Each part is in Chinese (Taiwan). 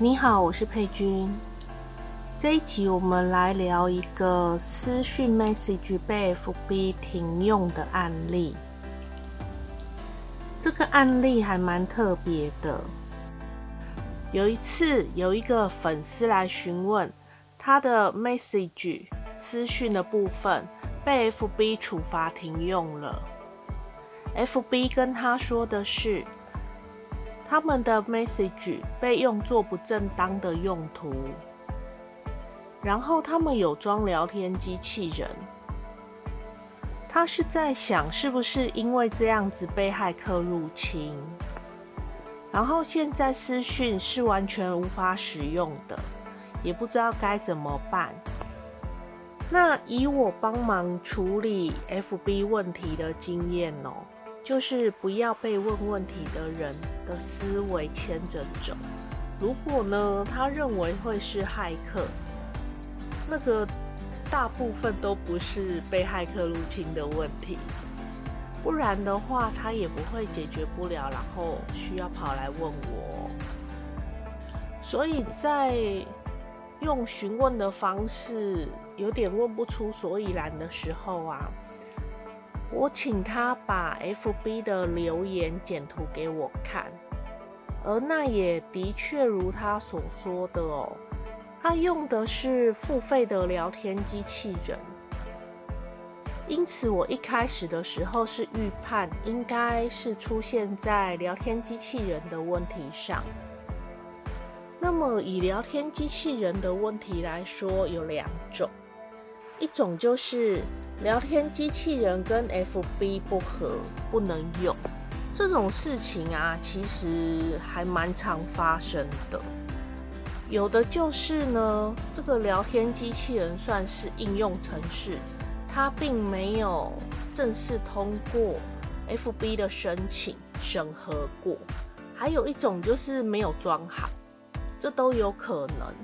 你好，我是佩君。這一集我們來聊一個私訊 message 被 FB 停用的案例。這個案例還蠻特別的。有一次，有一個粉絲來詢問他的 message 私訊的部分被 FB 處罰停用了。FB 跟他說的是，他們的 message 被用作不正當的用途，然後他們有裝聊天機器人，他是在想是不是因為這樣子被駭客入侵，然後現在私訊是完全無法使用的，也不知道該怎麼辦。那以我幫忙處理 FB 問題的經驗哦。就是不要被問問題的人的思維牽着走。如果呢，他認為會是駭客，那個大部分都不是被駭客入侵的問題，不然的話，他也不會解決不了，然後需要跑來問我。所以在用詢問的方式，有點問不出所以然的時候啊。我請他把 FB 的留言剪圖給我看，而那也的確如他所說的哦，他用的是付費的聊天機器人，因此我一開始的時候是預判應該是出現在聊天機器人的問題上。那麼以聊天機器人的問題來說，有兩種，一種就是。聊天機器人跟 FB 不合，不能用這種事情啊，其實還蠻常發生的。有的就是呢，這個聊天機器人算是應用程式，它並沒有正式通過 FB 的申請審核過。還有一種就是沒有裝好，這都有可能。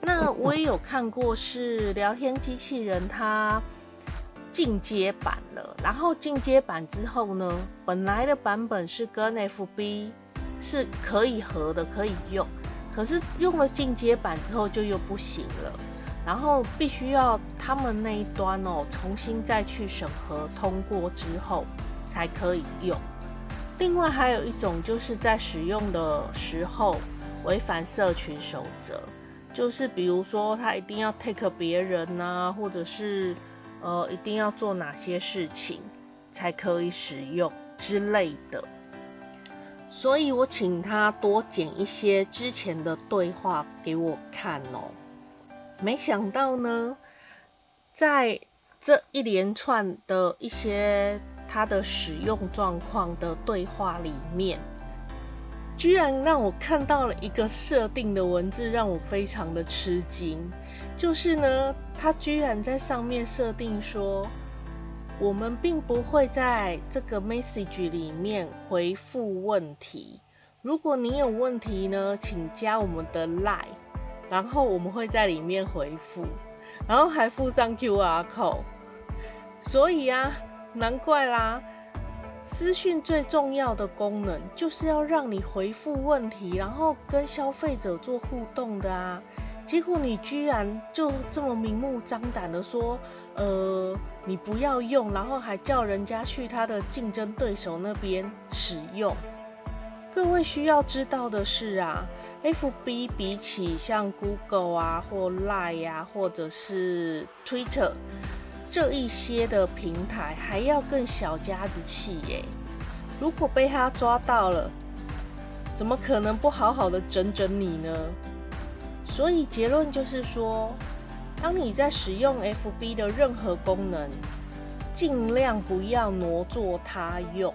那我也有看過，是聊天機器人它。進階版了，然後進階版之後呢，本來的版本是跟 FB 是可以合的，可以用，可是用了進階版之後就又不行了，然後必須要他們那一端哦重新再去審核通過之後才可以用。另外還有一種就是在使用的時候違反社群守則，就是比如說他一定要 take 別人吶、啊，或者是。呃，一定要做哪些事情才可以使用之類的，所以我請他多剪一些之前的對話給我看哦。沒想到呢，在這一連串的一些他的使用狀況的對話裡面。居然讓我看到了一個設定的文字，讓我非常的吃驚。就是呢，他居然在上面設定說，我們並不會在這個 message 裡面回覆問題。如果你有問題呢，請加我們的 line，然後我們會在裡面回覆，然後還附上 QR code。所以啊，難怪啦。私訊最重要的功能就是要讓你回復問題，然後跟消費者做互動的啊。結果你居然就這麼明目張膽的說，呃，你不要用，然後還叫人家去他的競爭對手那邊使用。各位需要知道的是啊，FB 比起像 Google 啊或 Line 啊或者是 Twitter。這一些的平台還要更小家子氣耶、欸。如果被他抓到了，怎麼可能不好好的整整你呢？所以結論就是說，當你在使用 FB 的任何功能，盡量不要挪作他用。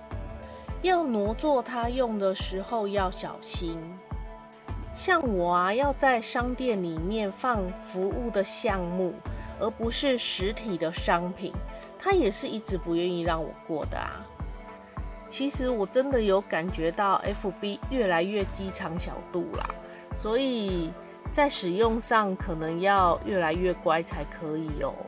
要挪作他用的時候要小心。像我啊，要在商店裡面放服務的項目。而不是實體的商品，他也是一直不願意讓我過的啊。其實我真的有感覺到，FB 越來越雞腸小肚啦，所以在使用上可能要越來越乖才可以哦、喔。